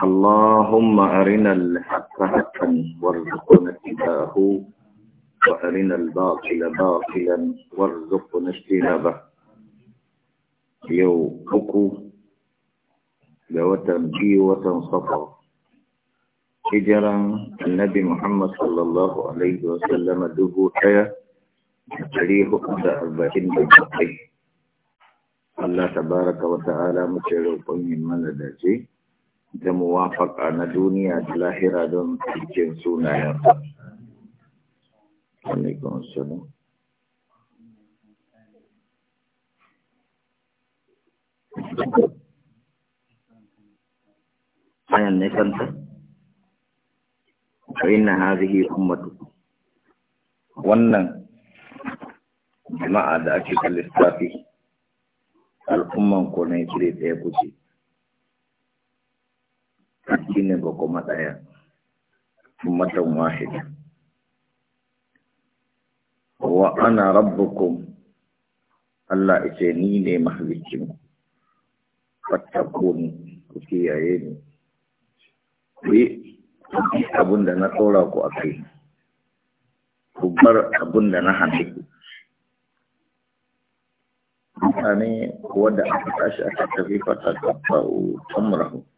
اللهم أرنا الحق حقا وارزقنا اتباعه وأرنا الباطل باطلا وارزقنا اجتنابه يوفق أكو جوتن بي هجرا النبي محمد صلى الله عليه وسلم دبو حياة تريه قد أربعين الله تبارك وتعالى wa ta'ala من roƙon da muwafaka na duniya da lahira don cikin sunayen alaikun salam ayan ne kanta wa inna hazihi ummatukum wannan jama'a da ake lissafi al'umman ko na yi ya kuce addinin ko kuma ɗaya ummatan wahida wa ana rabbukum Allah ice ni ne mahalicin fattakuni ku kiyaye ni ku yi abin da na tsora ku a kai ku bar abin da na hannu ku mutane wadda aka tashi aka tafi fata ta ta'u tamrahu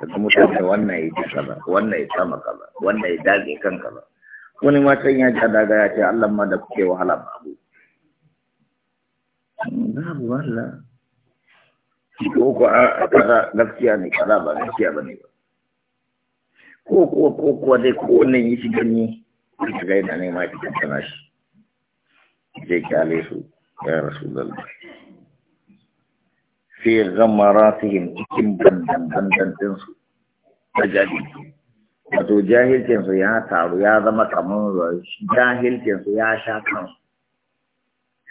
daga mutane wannan ya ji kaza wannan ya sama kaza wannan ya dage kan kaza wani matan ya ja daga ya ce Allah ma da kuke wahala babu babu wala ko ko a kaza gaskiya ne kaza ba gaskiya bane ba ko ko ko ko dai ko wannan yi shi gani shi ga yana ne ma ki tana shi zai kyale su ya rasu rasulullah في غمراتهم اسم بندن بندن تنسو تجدي وتو جاهل تنسو يا تارو يا ذم تمن جاهل تنسو يا شاطر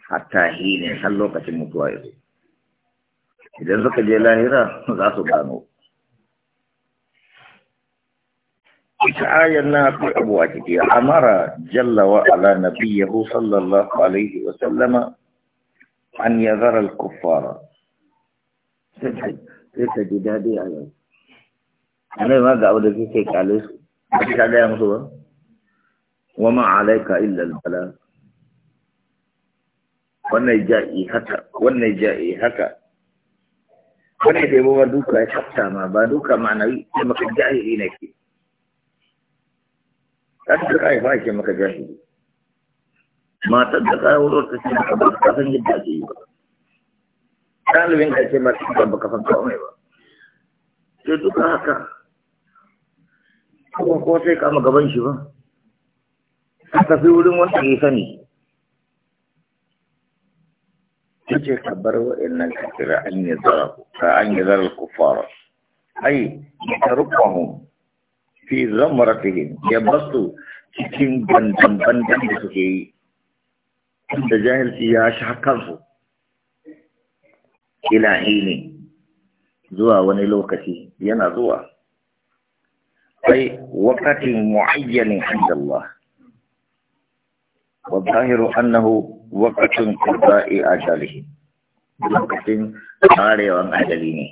حتى حين سلو كتي متوايو إذن سوك جيلا هيرا زاسو بانو إشعايا النبي أبو أجدي أمر جل وعلا نبيه صلى الله عليه وسلم أن يذر الكفار sai ta ji daɗi a yau anai ma ga abu da kake kale su ba ka gaya musu ba wa ma alaika illa albala wannan ja'i haka wannan ja'i haka wannan da ba duka ya tsafta ma ba duka ma'anawi sai maka jahili ne ke kan da kai fa ke maka jahili matar da kai wuro ta ce ba ka san yadda ake yi ba ɗalibin ƙarshe ba su ba ka fanta mai ba sai duka haka kuma ko sai kama gaban shi ba ka tafi wurin wanda ya sani ta ce ka bar wa'annan ka kira an yi zara ka an yi zara fara. ai ta rufahu fi zamaratihin ya basu cikin bandan-bandan da suke yi da jahilci ya hakan kansu ila ne zuwa wani lokaci yana zuwa Sai waqatin mu'ayyanin inda wa zahiru annahu waqatun qada'i ajalihi lokacin karewan ajali ne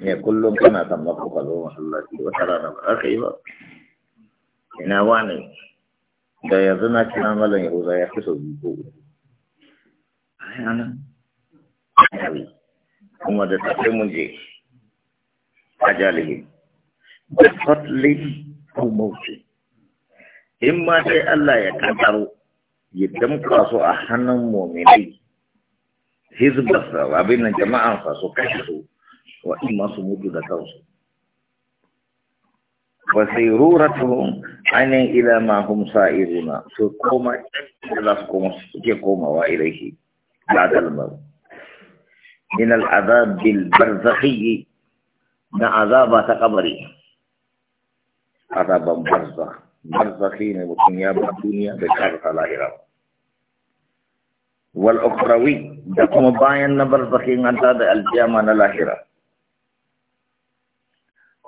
ne kullum kana tambar ku kazo masallaci wata rana ba za ka yi ba ina wani da yanzu na kira malam yahuza ya fi sau biyu ko uku adawi kuma da tafi mun je a ajalihim bi fatlin ko mautin in ma sai Allah ya kankaro ya damka su a hannun mu'minai hizbarsa abin nan jama'ansa su kashe su wa in ma su mutu da kansu wa sayruratuhum anin ila ma hum sa'iruna su koma da za su koma suke komawa ilaihi ba'da al-maut من العذاب البرزخي من عذاب تقبري عذاب برزخ برزخي نبطن الدنيا الدنيا بشارة الآخرة والأخروي دقم باين برزخي الجامع القيامة الآخرة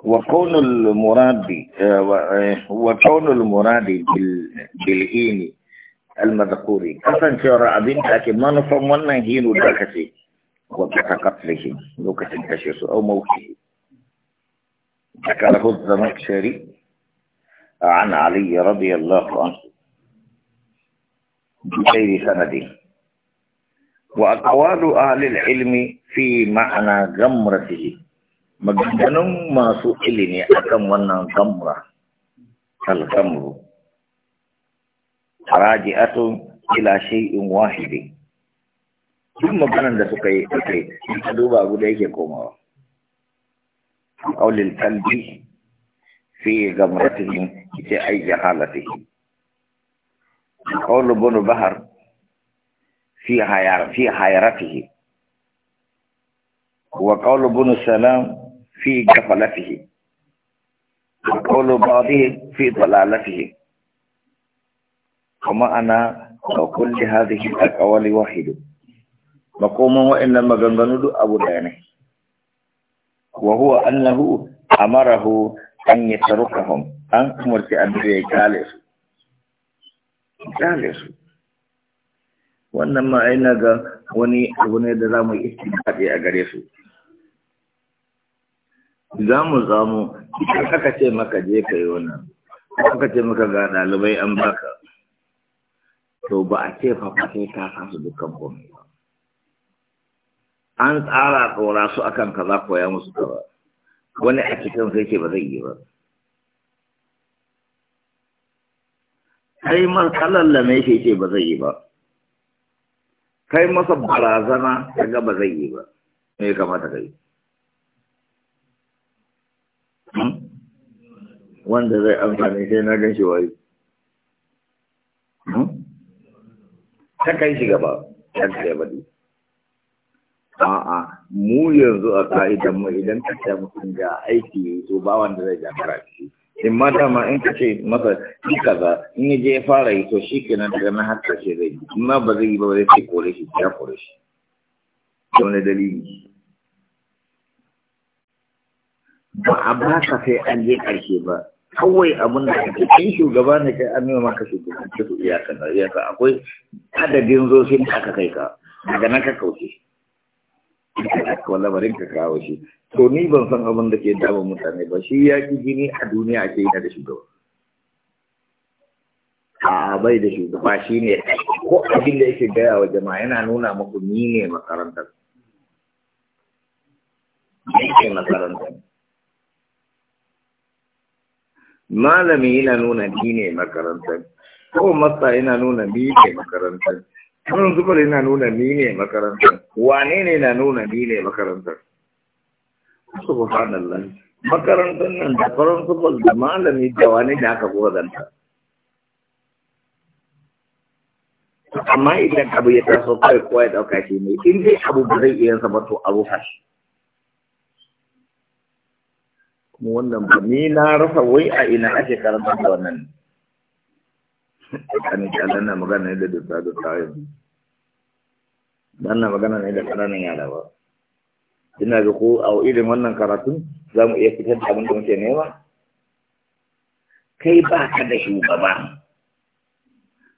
وكون المراد وكون المراد بالهين المذكور أصلا شرع بنتك ما نفهم وانا ذاك شيء وكك قتله لوكة الكشيس أو موته كك له الزمكشري عن علي رضي الله عنه بغير سند وأقوال أهل العلم في معنى جمرته مجنون ما سئلني أكم ونا غمرة الغمر راجعة إلى شيء واحد duk maganan da suka yi suka in ka duba abu da yake komawa ƙaunin kalbi fi gamratihi ita ai jahalatihin ƙaunin bunu bahar fi hayar fi hayaratihin wa ƙaunin bunu salam fi gafalatihin wa ƙaunin ba'adihin fi dalalatihin kuma ana ga kulli hadhihi al-aqwali wahidun makoman wa'annan maganganu duk abu da ne wa huwa annahu amarahu an yatrukahum an umarci annabi ya kale su kale su wannan ma ga wani abu ne da zamu istinbadi a gare su Za mu za mu aka ce maka je ka yi wannan aka ce maka ga dalibai an baka to ba a ce fa ta sai ka sasu dukkan komai ba an tsara tsora su akan kaza koya musu kaza wani a cikin sai ce ba zai yi ba kai matsalar lame shi ce ba zai yi ba kai masa barazana ga ba zai yi ba me kamata kai hmm? wanda zai amfani sai na gan shi wayo hmm? ta kai shi gaba ta kai badi a'a mu yanzu a ka'idan mu idan ka ce mutum ga aiki to ba wanda zai gagara karatu in ma dama in ka ce masa shi kaza in ya je ya fara yi to shi kenan daga na har karshe zai yi in ma ba zai yi ba zai ce kore shi ya kore shi da wani dalili ba a ba ka sai an je karshe ba kawai abin da ka ce in shugaba ne kai an nuna maka shugabanci su iyaka na iyaka akwai adadin zo da aka kai ka daga nan ka kauce wala bari ka kawo shi to ni ban san abin da ke dawo mutane ba shi ya ki jini a duniya ake yi da shugaba a bai da shugaba shi ne ko abin da yake gaya wa jama'a yana nuna muku ni ne makarantar ni ne makarantar malami yana nuna ni ne makarantar ko masa yana nuna ni ne makarantar kan zubar yana nuna ni ne makarantar wane ne na nuna ni ne makarantar subhanallah makarantar nan da farin zubar da malami da wani da aka gozanta amma idan abu ya taso kawai kowa ya dauka shi ne in dai abu ba zai iya zama to a rufa shi kuma wannan ba ni na rasa wai a ina ake karantar da wannan tsakanin kyalan na magana ne da dusa dusa yanzu dan na magana ne da ƙananan yara ba ina da ko a irin wannan karatun za mu iya fitar da abin da muke nema kai ba ka da shugaba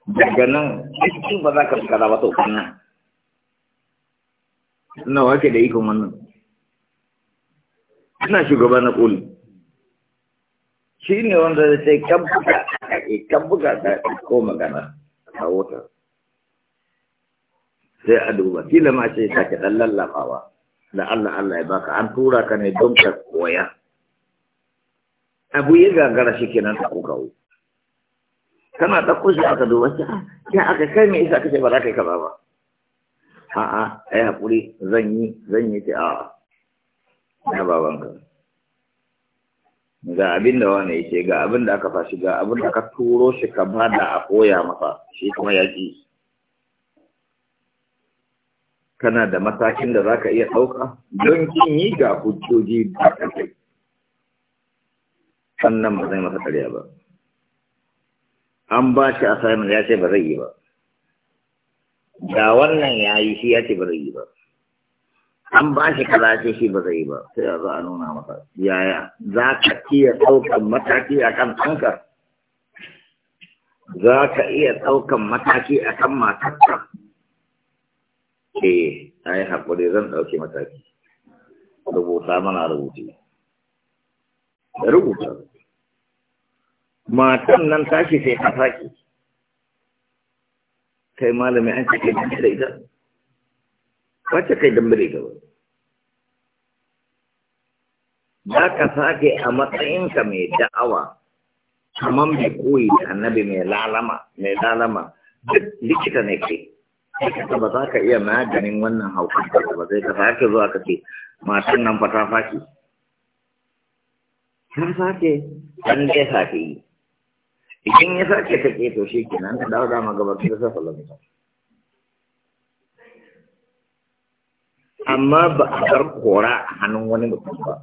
daga nan cikin ba za ka fita ba to kana Nawa wake da ikon wannan ina shugaba na koli shi ne wanda zai ce kan buga eh, kan buga ta ko magana a wutar sai a duba kila ma ce sake dan lallafawa da Allah Allah ya baka an tura ka ne don ka koya abu ya gagara shi kenan ta ku kawo kana ta kusa aka duba ce ya aka kai me isa kace ba za ka yi kaza ba a'a ai hakuri zan yi zan yi ta a'a na babanka ga abin da ya yake ga abin da aka fashi ga abin da ka turo shi ka bada a koya maka shi kuma ya ƙi kana da matakin da za ka iya ɗauka don kin yi ga hujjoji da kai sannan ba zai masa ƙarya ba an ba shi assignment ya ce ba zai yi ba da wannan ya yi shi ya ce ba zai yi ba an ba shi kaza ce shi ba zai ba sai a za a nuna masa yaya za ka iya ɗaukan mataki a kan ɗanka za ka iya ɗaukan mataki a kan matarka eh a yi haƙuri zan ɗauki mataki rubuta mana rubuce rubuta matan nan tashi sai ta saki kai malami an cike da ita wacce kai dambare gaba za ka sake a matsayinka mai da'awa kamar mai koyi da annabi mai lalama mai lalama duk likita ne kai ka ba za ka iya maganin wannan haukar da ba zai ka sake zuwa ka ce matan nan fa ta fashi ta sake dan dai sake yi idan ya sake ta ke to shi kenan ta dawo dama gaba ta sa salamita amma ba a bar kora a hannun wani mutum ba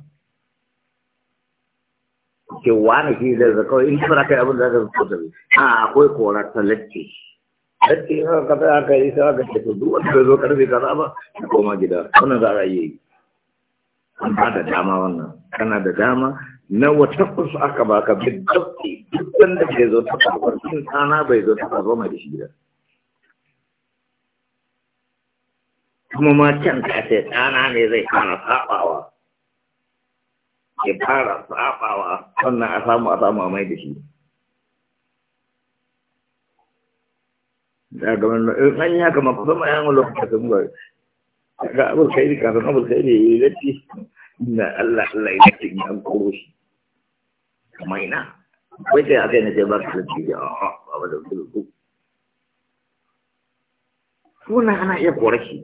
ke wani shi zai zaka in kuma kai abin da zai zo da a akwai kora ta lacce latte ha ka ta kai isa ga ka ce duk wanda zo karfe kaza ba ka koma gida wannan za a yi an ba da dama wannan kana da dama na wata kusa aka baka bidda duk wanda bai zo ta karbar sun tsana bai zo ta karbar mai da shi gida kuma ma can ta ce ɗana ne zai fara saɓawa ya fara saɓawa sannan a samu a samu a mai da shi da gaban eh, in an yi haka mafi zama yan lokacin ba ga abin kai ne kafin abin kai ne ya yi latti na Allah Allah ya latti ya an koro shi kamar ina wai kai aka yi na ce ba ka latti ya a ba da gudu kuna ana iya kore shi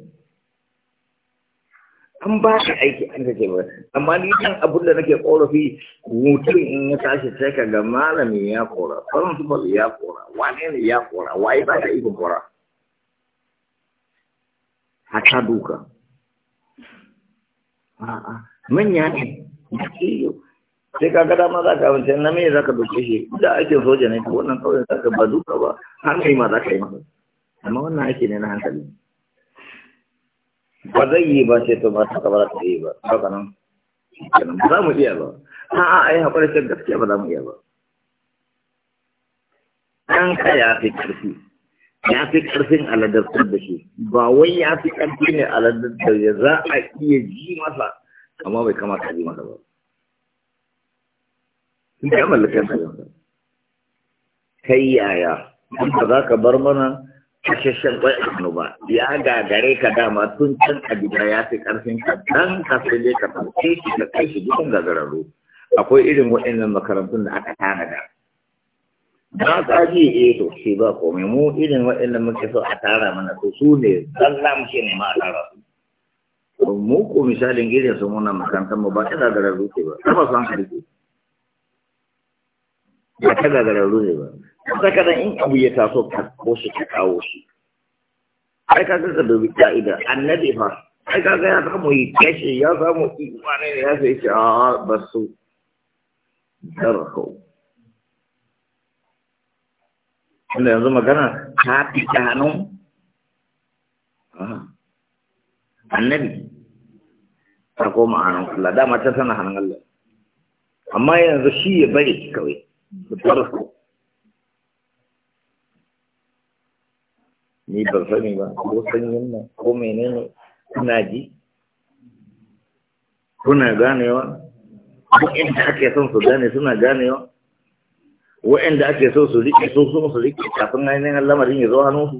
an ba shi aiki an kake ba amma ni kan abin da nake korafi mutum in ya tashi sai ka ga malami ya kora principal ya kora wane ne ya kora waye ba ka iko kora hata duka a'a manya ne da kiyo sai ka ga dama za ka amince na me za ka doke shi da aikin soja ne wannan kawai za ka ba duka ba mai ma za ka yi masa amma wannan aiki ne na hankali ba zai yi ba sai to ba ta kabara ta yi ba haka nan ba za mu iya ba a ai hakuri sai gaskiya ba za mu iya ba kan ka ya fi karfi ya fi karfin aladar da shi ba wai ya fi karfi ne aladar da ya za a iya ji masa amma bai kamata ji masa ba sun ta mallakar da kai yaya ba za ka bar mana cikakken kwai a hannu ba ya gagare ka dama tun can a gida ya fi karfin ka dan ka sai dai ka ɗauke shi ka kai shi gidan gagararru akwai irin waɗannan makarantun da aka tanada ba ka ji eh to shi ba komai mu irin waɗannan muke so a tara mana to su ne zalla muke nema a tara su mu ko misalin irin su muna makarantar mu ba ta gagararru ce ba ba su an karfi ba ta gagararru ne ba saka da in abu ya taso ka ko shi ka kawo shi ai ka ga da ka'ida annabi fa ai ka ga ya samu yi kashi ya samu imani ne ya sai ce a basu darko inda yanzu magana ta fi hannun ah. annabi ta koma hannun kula. dama ta sana hannun Allah amma yanzu shi ya bari kawai darko ni ban sani ba ko sanyin nan ko menene kuna ji kuna ganewa ko inda ake son su gane suna ganewa wa'anda ake so su riƙe so su su riƙe kafin ainihin lamarin ya zo hannunsu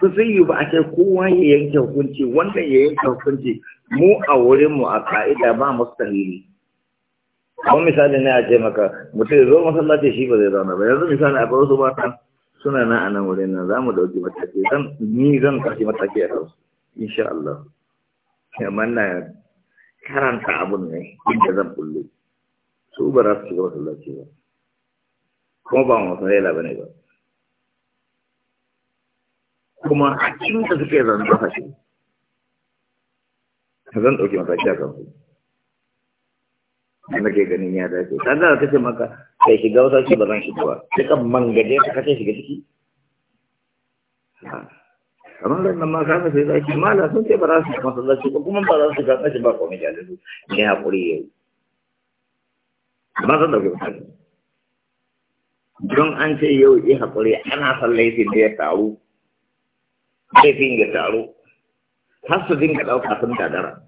su zai yi ba a ce kowa ya yanke hukunci wannan ya yanke hukunci mu a wurinmu a ka'ida ba mustahili kuma misali ne a ce maka mutum zo masallaci shi ba zai zauna ba yanzu misali akwai wasu mata suna na a nan wurin nan za mu ɗauki mataki zan ni zan ɗauki mataki a kansu insha Allah kamar na karanta abun ne inda zan kulle, su ba za su shiga masallaci ba kuma ba mu san ba ne ba kuma a cikin da suke zan zafa shi zan ɗauki mataki a kansu da nake ganin ya dace kan da kace maka kai shiga wata ce bazan shi shiga ba sai kan mangaje ta kace shiga ciki amma dan nan ma ka sai da shi mala sun ce ba za su masallaci ko kuma ba za su ga kace ba komai da su ne ya kuri ya ba zan dauke ba don an ce yau yi hakuri ana sallai sai da ya taru laifin ya taru har su dinga ɗauka sun tadara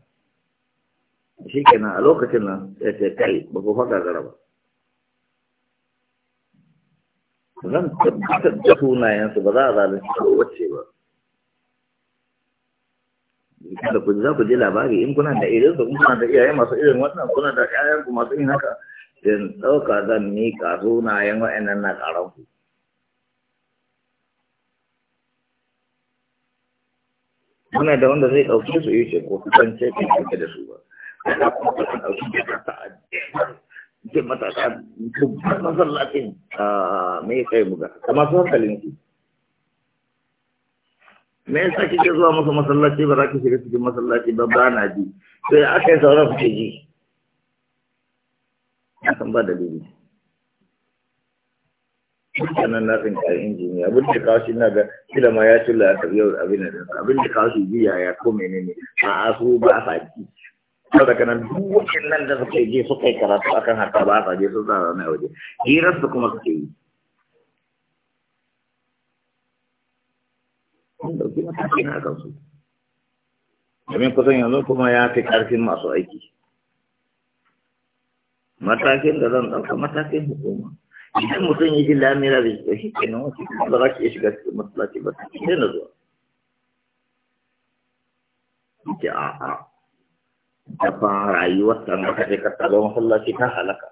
shi kenan a lokacin nan ya ce kai ba ku faɗa gara ba zan tabbatar da sunayensu ba za a shi ko wace ba da ku za ku je labari in kuna da irin su kuna da iyaye masu irin wannan kuna da iyayen ku masu yin haka in ɗauka zan miƙa sunayen wa'annan na ƙaran ku muna da wanda zai ɗauke su yi ce ko kusan ce da su ba ana kuma kusan ɗauki jaka ta a ke matasa dubban masallacin me ya kai buga da masu hankalin su me yasa kike zuwa masa masallaci ba za ki shiga cikin masallaci ba ba na ji sai aka yi sauran kuke ji na san ba dalili sannan na san kayan injiniya abin da kawo shi na ga kila ma ya ci la'akar yau abin da abin kawo shi biya ya ko menene a asu ba a sa sau daga nan duk wajen nan da suka je suka yi karatu akan harka ba sa je tsara na waje hirar su kuma suke yi sun na su domin kusan yanzu kuma ya fi karfin masu aiki matakin da zan ɗauka matakin hukuma idan mutum ya ji lamira da shi kenan wasu ba za ki iya shiga cikin matsalaci ba sai na zuwa. Ike a'a dafa rayuwar ta na kaje ka tsalo masallaci ta halaka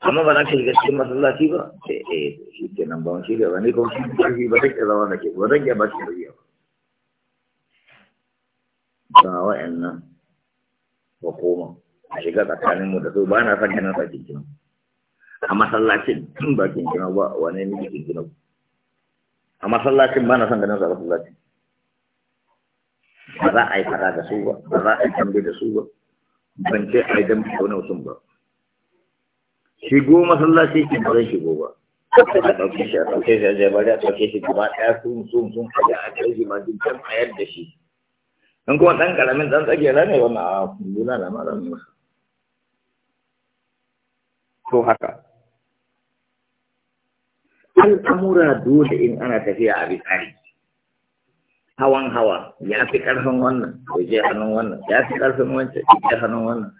amma ba za ka shiga cikin masallaci ba eh eh shi ke nan ba shi da wani ko shi karfi ba take zama da ke ba zan iya ba shi riya ba ga wa'annan ba koma a shiga tsakanin mu da su ba na son ganin sa cikin a masallacin tun ba cikin ba wani ne cikin ba a masallacin ba na son ganin sa masallacin ba za a yi fara da su ba ba za a yi tambaye da su ba ban ce a idan ba wani mutum ba shigo masallaci ke ba zai shigo ba a ɗauke shi a ɗauke shi a jabari a ɗauke shi gaba ɗaya sun sun sun a a kai shi ma duk can a yadda shi in kuma ɗan ƙaramin ɗan tsage ne wannan a kunguna na mara ne masa to haka al'amura dole in ana tafiya a bisari hawan hawa ya fi ƙarfin wannan ko je hannun wannan ya fi ƙarfin wancan ko je hannun wannan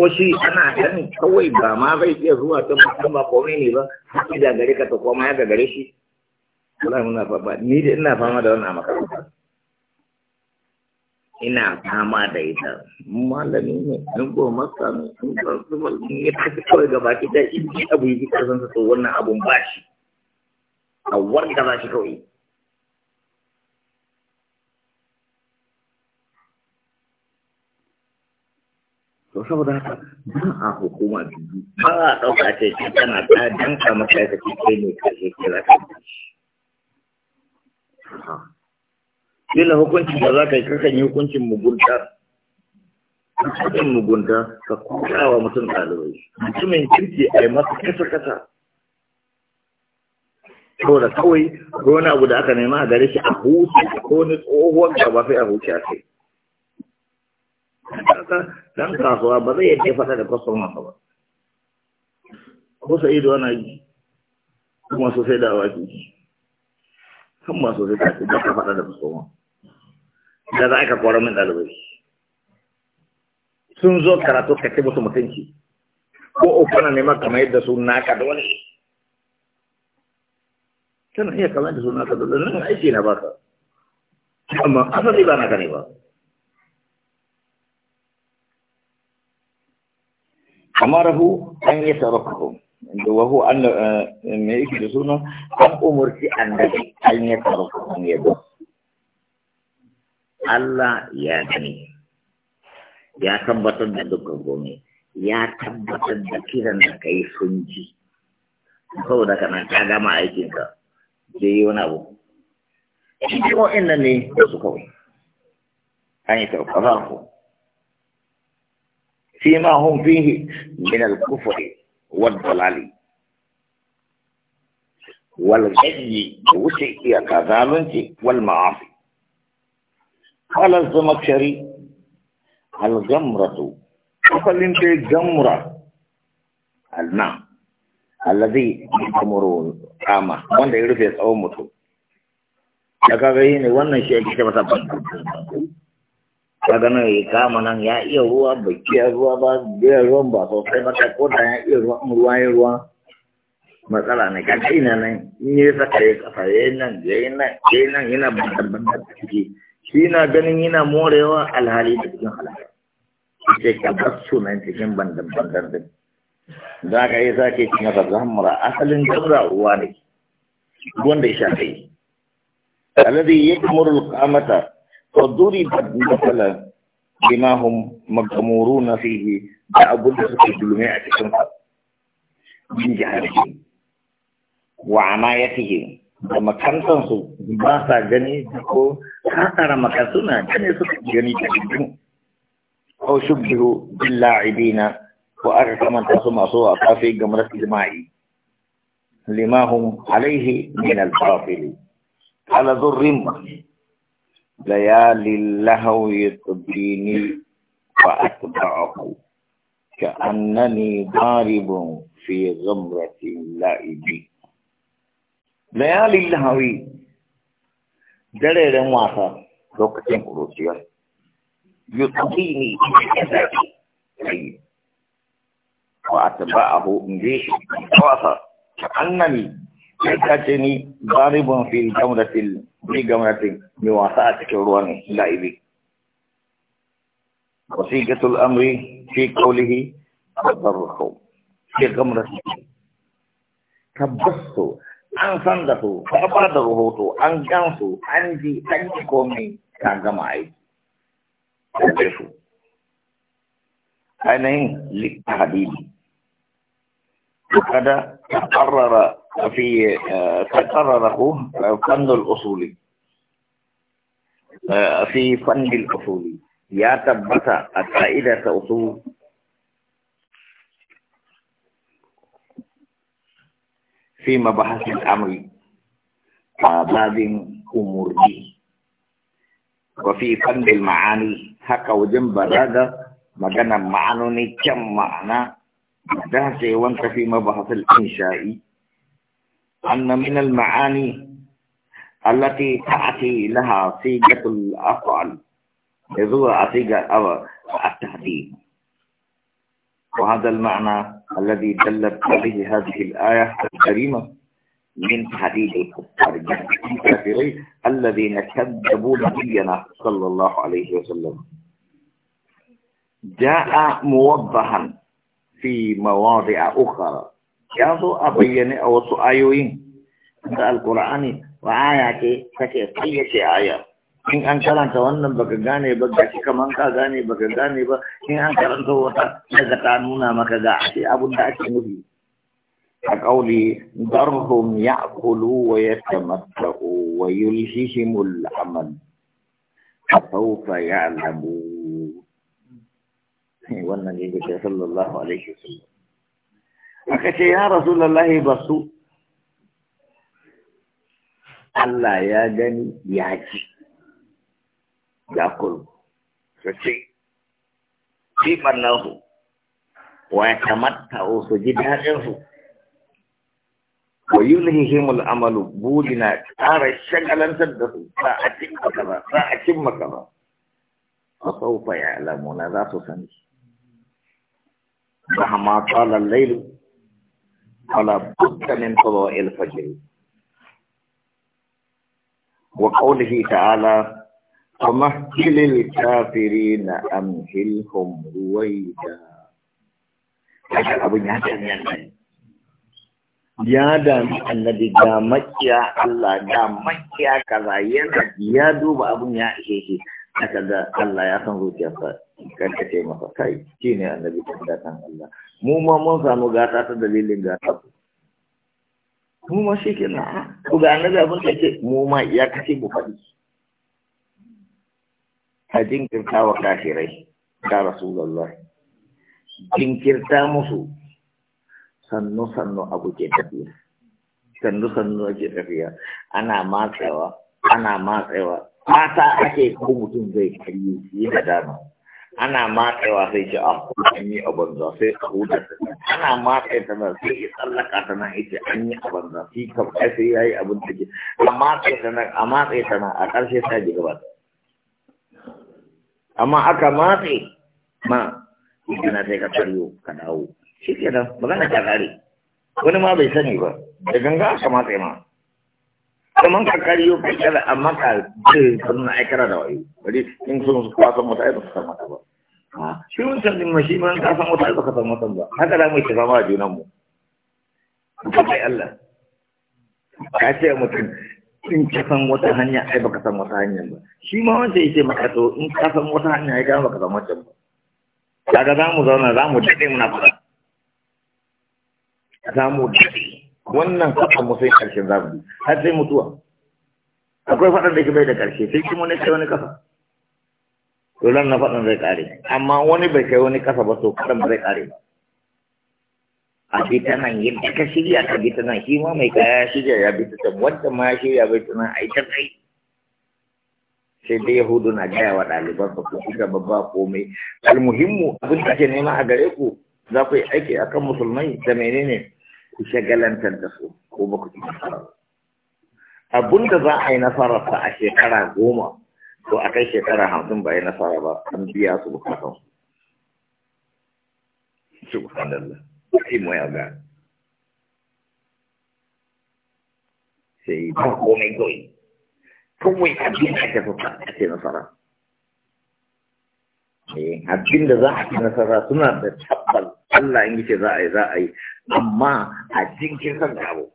ko shi ana sani kawai ba ma zai iya zuwa ta mutum ba komai ne ba haƙi da gare ka ta koma ya ga gare shi wala muna fama ni da ina fama da wannan makaranta ina fama da ita malami ne in ko masa ne in ko zubal ne ya tafi kawai gaba ki da shi abu yi ka san sa to wannan abun ba shi a wanda ba shi kawai saboda haka ba a hukuma dubu ba a ɗauka ce ce tana ta danka maka ya kake kai ne karshe ke za ka Bila hukuncin da za ka yi kakan yi hukuncin mugunta. Hukuncin mugunta ka kuka wa mutum ɗalibai. Mutumin kirki a yi masa kasa-kasa. Saboda kawai, ko wani abu da aka nema a gare shi a hutu ko wani tsohuwar ba sai a hutu a kai. dan kasuwa ba zai yadda faɗa da kwastoma ba ko sai ido ana yi kuma su sai da waki kan masu sai da ba ka faɗa da kwastoma da za ka kwara min ɗalibai sun zo karatu ka ce musu mutunci ko ofana ne maka mai da su naka dole kana iya kamar da su naka dole nan aiki na baka amma asali ba naka ne ba amarahu an yi tarakuhu da wahu an me yake da suna an umurci da an yi tarakuhu ya ba Allah ya gani ya tabbatar da dukkan gome ya tabbatar da kiran da kai sun ji saboda kana ta gama aikinka da yi wani abu shi ko inda ne su kawai an yi tarakuhu fi ma hun fi hi min al kufuri wal dalali wal gaji wuce iya kazalunci wal ma'afi kala zama shari al to kafalin ta gamra al na alladi kamaru kama wanda ya rufe tsawon mutum da kaga yi ne wannan shi ya kishe masa ba kaga nan ya kama nan ya iya ruwa ba iya ruwa ba bai ruwan ba sosai ba ta koda ya iya ruwa in ruwa ya ruwa matsala ne ka ina nan in yi saka ya kafa ya yi nan ya yi nan ya yi nan yana bantar bantar da ciki shi na ganin yana morewa alhali da cikin halaka ce ka bar nan cikin bantar bantar da za ka yi sake cikin masa zamura asalin jamra ruwa ne wanda ya shafe alladhi yakmuru al-qamata فضربت مثلا بما هم مغمورون فيه بعض في جميع السنة من جهلهم وعنايتهم لما كان تنسوا ما ساجني تقول خاطر ما كسونا جني سجني تجدون أو شبه باللاعبين وأرث من تصم أصوى أطافي جمرة جماعي لما هم عليه من الباطل على ذر ليالي اللهو يطبيني فأتبعه كأنني ضارب في غمرة اللائبين ليالي اللهو درر مواسا لوكتين قروسيا يطبيني طيب وأتبعه مواسا كأنني sai ka ce ni garibin fi gamratin fi gamratin mai wasa a cikin ruwa ne la'ibi wasiƙatul amri fi kaulihi tabarruhu fi gamratin tabbasu an san da su ka ba da rahoto an gan su an ji an ji komai ka gama aiki da su ainihin littahadidi kada ta ƙarrara في قرر آه، أخوه فن الأصولي آه، في فن الأصولي يا تبت القائدة أصول في مباحث الأمر بعدين أمور دي وفي فن المعاني حكا وجم برادة مجانا معانوني كم معنى ده سيوانك في مبحث الإنشائي أن من المعاني التي تأتي لها صيغة الأفعال هو صيغة التهديد وهذا المعنى الذي دلت عليه هذه الآية الكريمة من حديث الكفار الكافرين الذين كذبوا نبينا صلى الله عليه وسلم جاء موضحا في مواضع أخرى ya zo a bayyane a wasu ayoyin da alkur'ani wa aya ce kake fayyace aya in an karanta wannan baka gane ba ga shi kaman ka gane baka gane ba in an karanta wata daga ta nuna maka ga ashe abin da ake nufi a kauli darhum ya'kulu wa yatamatta'u wa yulhihimul amal fasawfa ya'lamu wannan ne da sallallahu alaihi wasallam aka ce ya rasu ba su Allah ya gani ya ji ya kulu su ce fi ɓannansu wa ya kamata su ji daɗinsu wa amalu. al'amalu na ƙara shagalantar da su za a cin makara za a cin makara a saufa ya alamuna za su sani ba ma tsalar lailu فلا بد من طلوع ta'Ala? وقوله تعالى ومهل الكافرين أمهلهم رويدا kaga abin ya dami annabi ya dami annabi ga makiya Allah ga makiya kaza yana ya duba abun ya ishe shi aka ga Allah ya san zuciyarsa kan ka ce masa kai shi ne annabi ta gatan Allah mu ma mun samu gata ta dalilin gata ku mu ma shi ke na ku ga annabi abin da ce mu ma ya kashe mu faɗi a jinkirta wa kafirai ga rasulallah, jinkirta musu sannu sannu abu ke tafiya sannu sannu ake tafiya ana matsewa ana matsewa mata ake ko mutum zai karye yi da dama ana matsewa sai ce a ah, an yi a banza sai a huda ana matsayi ta nan sai ya tsallaka ta nan ita an yi a banza shi kam kai sai ya yi abin da ke a matsayi ta nan a matsayi ta nan a ƙarshe ta ji gaba amma aka matse ma ina sai ka karyo ka dawo shi ke nan ba magana ta kare wani ma bai sani ba da ganga aka matse ma kaman ka kariyo ka kada amma ka ce sun aikara da wayo bari in sun su kwasa mata ai ba su san mata ba shi wancan din mashi ma ka san mata ai ba ka san mata ba haka za mu tafa ma junan mu kai Allah ka ce mutum in ka san wata hanya ai baka san wata hanya ba shi ma wanda yake maka to in ka san wata hanya ai ga baka san wata ba kaga za mu zauna za mu dade muna fara za mu dade wannan kafa mu sai karshen zamani har sai mutuwa akwai faɗan da ke bai da karshe sai kuma ne kai wani kafa to lan na faɗan zai kare amma wani bai kai wani kafa ba to kaɗan ba zai kare ba a bi ta nan yadda ka shirya ka bi ta nan shi ma mai kaya shirya ya bi ta can wanda ma ya shirya bai ta nan aiki. ta sai dai yahudu na gaya wa ɗaliban ba ku shiga babba komai almuhimmu abin da ake nema a gare ku za ku yi aiki akan musulmai da menene ku shagalantar da su ko ba ku abunda nasara za a yi nasara ta a shekara goma to a kai shekara hamsin ba a yi nasara ba an biya su bukatan su subhanallah sai mu ya sai ba komai kawai abin da ake so a ce nasara eh, abin da za a nasara suna da tabbal Allah in yake za a yi za a yi amma a jinkin da abu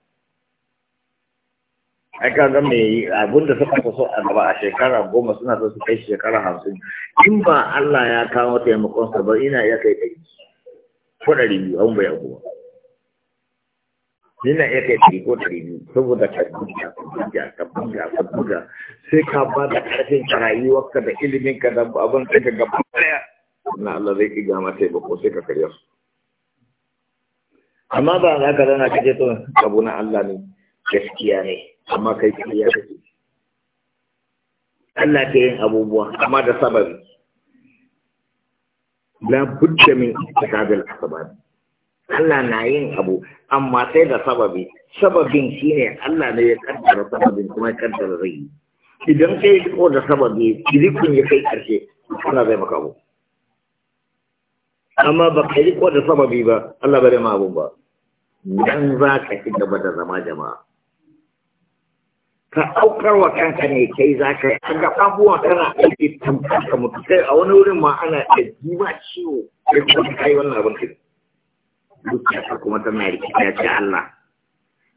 ai kaga yi abun da suka so a gaba a shekara goma suna so su kai shekara hamsin in ba Allah ya kawo taimakon sa ba ina iya kai kai ko ɗari biyu an bai abuwa ina iya kai kai ko ɗari biyu saboda ka buga ka buga ka buga ka buga sai ka ba da ƙarfin ka rayuwarka da ilimin ka da abin ka gaba ɗaya na Allah zai ƙiga ma taimako sai ka karya su amma ba za ka zana kaje to abu na Allah ne gaskiya ne amma kai kariya kake Allah ke yin abubuwa amma da sababi la budda min ittihadil asbab Allah na yin abu amma sai da sababi sababin shine Allah ne ya kaddara sababin kuma ya kaddara zai idan kai ko da sababi kirikun ya kai karshe kana zai maka abu amma ba kai ko da sababi ba Allah bare ma abun ba nan za ka ci gaba da zama jama'a ka aukar wa kanka ne kai za ka yi an ga abubuwa kana aiki tamkar ka mutu kai a wani wurin ma ana da jima ciwo sai kuma ka yi wannan abin kai zuciyarka kuma tana rikita ce Allah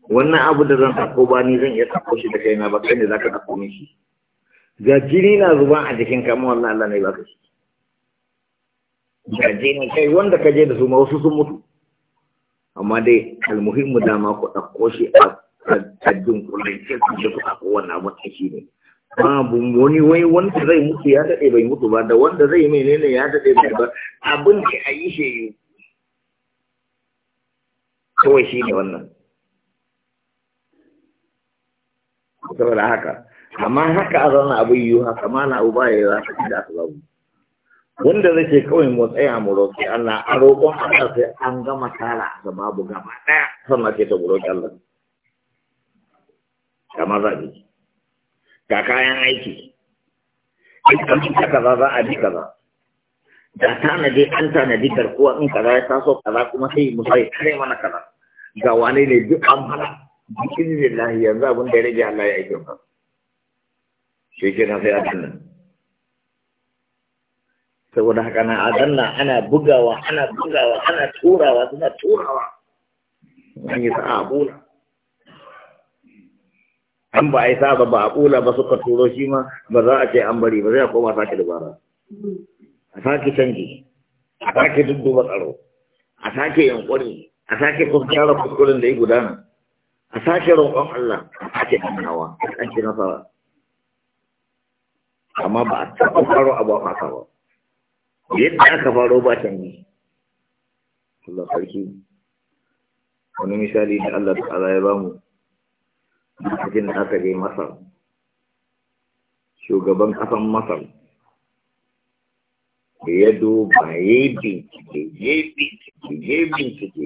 wannan abu da zan sako ba ni zan iya sako shi da kai na ba kai ne za ka sako min shi ga jini na zuba a jikin ka mu wannan Allah ne ba ka shi ga jini kai wanda ka je da su ma wasu sun mutu amma dai almuhimmu dama ku ɗauko shi a kaddun kullum sai ku ji ku ɗauko wannan abin shi ne babu wani wai wanda zai mutu ya daɗe bai mutu ba da wanda zai nene ya daɗe bai ba abin da a yi shi kawai shi ne wannan saboda haka amma haka a zauna abin yiwu haka na abu ba ya yi za su da su babu wanda zake kawai mu a mu Allah a roƙon Allah sai an gama tara da babu gaba ɗaya sannan ke ta roƙi Allah kamar zaɓi ga kayan aiki in ka ta kaza za a bi kaza da tanadi an tanadi garkuwa in kaza ya taso kaza kuma sai mu sai kare mana kaza ga wane ne duk an fara bikin yanzu abin da ya rage Allah ya aikin ka shi ke na sai a tunan saboda haka na adanna ana bugawa ana bugawa ana turawa suna turawa an yi sa'a bula an ba a yi sa'a ba a bula ba suka turo shi ma ba za a ce an bari ba zai koma sake dubara a sake canji a sake dubba tsaro a sake yankuri a sake kuskara kuskuren da ya gudana a sake roƙon Allah a sake hannawa a sake nasara amma ba a taɓa faro abu a ba yadda aka faro ba ta ne Allah sarki wani misali da Allah ta'ala ya bamu cikin da aka je Masar shugaban kasan Masar da ya duba ya yi bincike ya yi bincike ya yi bincike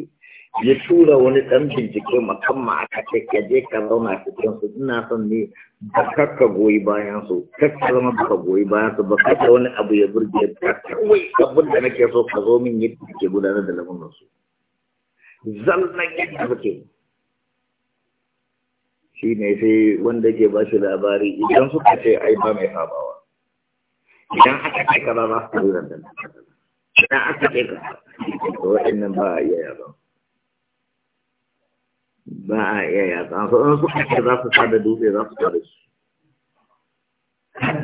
ya tura wani ɗan bincike musamman aka ce ka je ka zauna cikin su ina son ne ba kakka goyi bayan su kakka zama baka goyi bayan su ba kakka wani abu ya burge ka kawai abin da nake so ka zo min yadda ke gudanar da lamunan su zallan yadda suke shi ne sai wanda ke ba shi labari idan suka ce ai ba mai sabawa idan aka ce kaza za su gudanar da lamunan idan aka ce kaza to wa'annan ba a iya yaron ba a iya yaƙa su in suka ce za su sada dutse za su sada su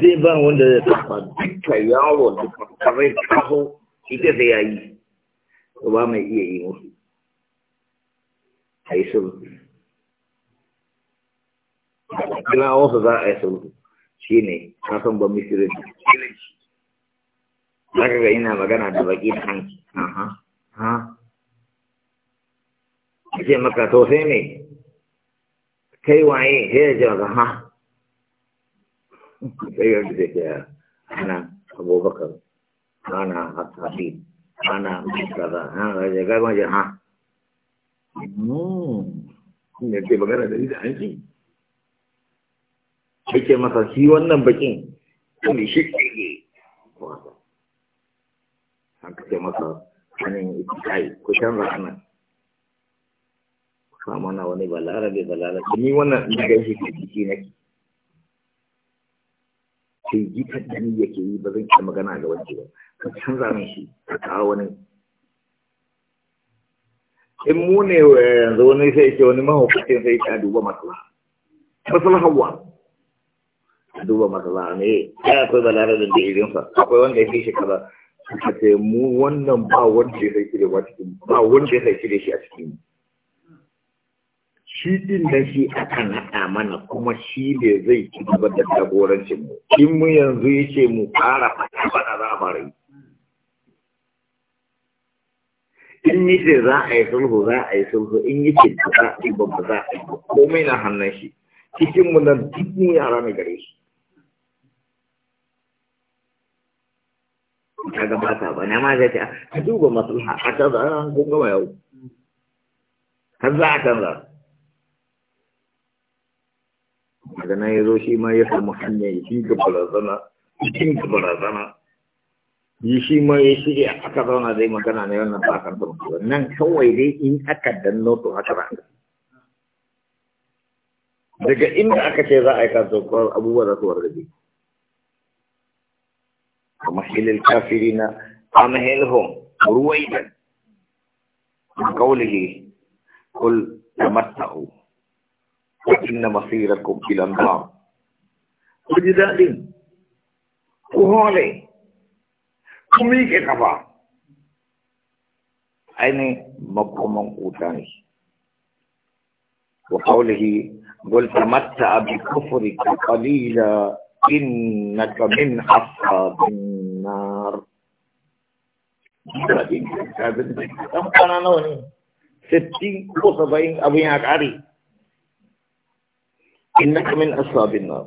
dai ba wanda zai tafa duka yawo da karai kaso ita sai ya yi to ba mai iya yi musu a yi sulhu kira wasu za a yi sulhu shi ne kasan ba misirin za ka ga ina magana da baki da hanki ce maka to sai ne kai waye sai ya ce ha sai ya ce ke ana abubakar ana hasabi ana kaza ana raje kai ma ce ha hmm. ne ke magana da ita an ci ake maka shi wannan bakin wani shi ke wasa an kace masa hannun ikikai ko canza hannun wani balara wani balara balarabe ni wannan in ga shi ke jiki nake ke ji da ni yake yi ba zan magana ga wani ba ka canza min shi ka kawo wani in mu ne eh, yanzu wani sai ke wani mahaukacin sai ka duba maslaha maslaha hawa duba maslaha ne ya akwai balara da irinsa akwai wanda ya fi shi kaza ka ce mu wannan ba wanda ya sai cire ba cikin ba wanda ya sai cire shi a cikin mu shi din da shi aka naɗa mana kuma shi ne zai ci gaba da jagorancin mu in mu yanzu ce mu fara fata fada za a fara yi in ni ce za a yi sulhu za a yi sulhu in yi ce za a yi babba za a yi komai na hannun shi cikin mu nan duk mu yara na gare shi ka gabata ba na ma zai ta ah, duba maslaha a canza an kun gama yau har za a canza daga nan ya zo shi ma ya samu hanyar ya ci ga barazana cikin ga barazana yi shi ma ya shirya aka zauna zai magana ne wannan ba kan ba nan kawai dai in aka danno to haka ba daga inda aka ce za a yi kasuwar abubuwa za su wargaje kamar hilil kafiri na amhilhum ruwaidan قوله قل تمتعوا وإن مصيركم إلى النار وجدالي وهولي كميك كبا أين مقوم أوتاني وقوله قل تمتع بكفرك قليلا إنك من أصحاب النار Jadi, saya berdiri. Kamu kanan awak ni. Setiap إنك من أصحاب النار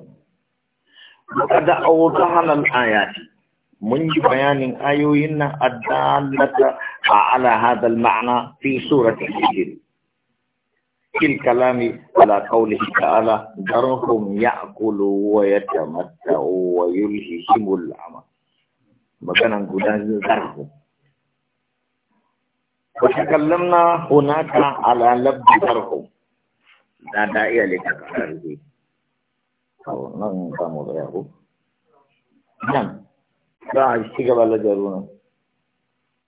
وقد أوضحنا الآيات من بيان آيوين الدالة على هذا المعنى في سورة الحجر في الكلام على قوله تعالى ذرهم يأكلوا ويتمتعوا ويلهيهم العمل مكانا قدان ذرهم وتكلمنا هناك على لب ذرهم da iya leka kasar zai to nan za mu zaya ku nan za a ci gaba jaruna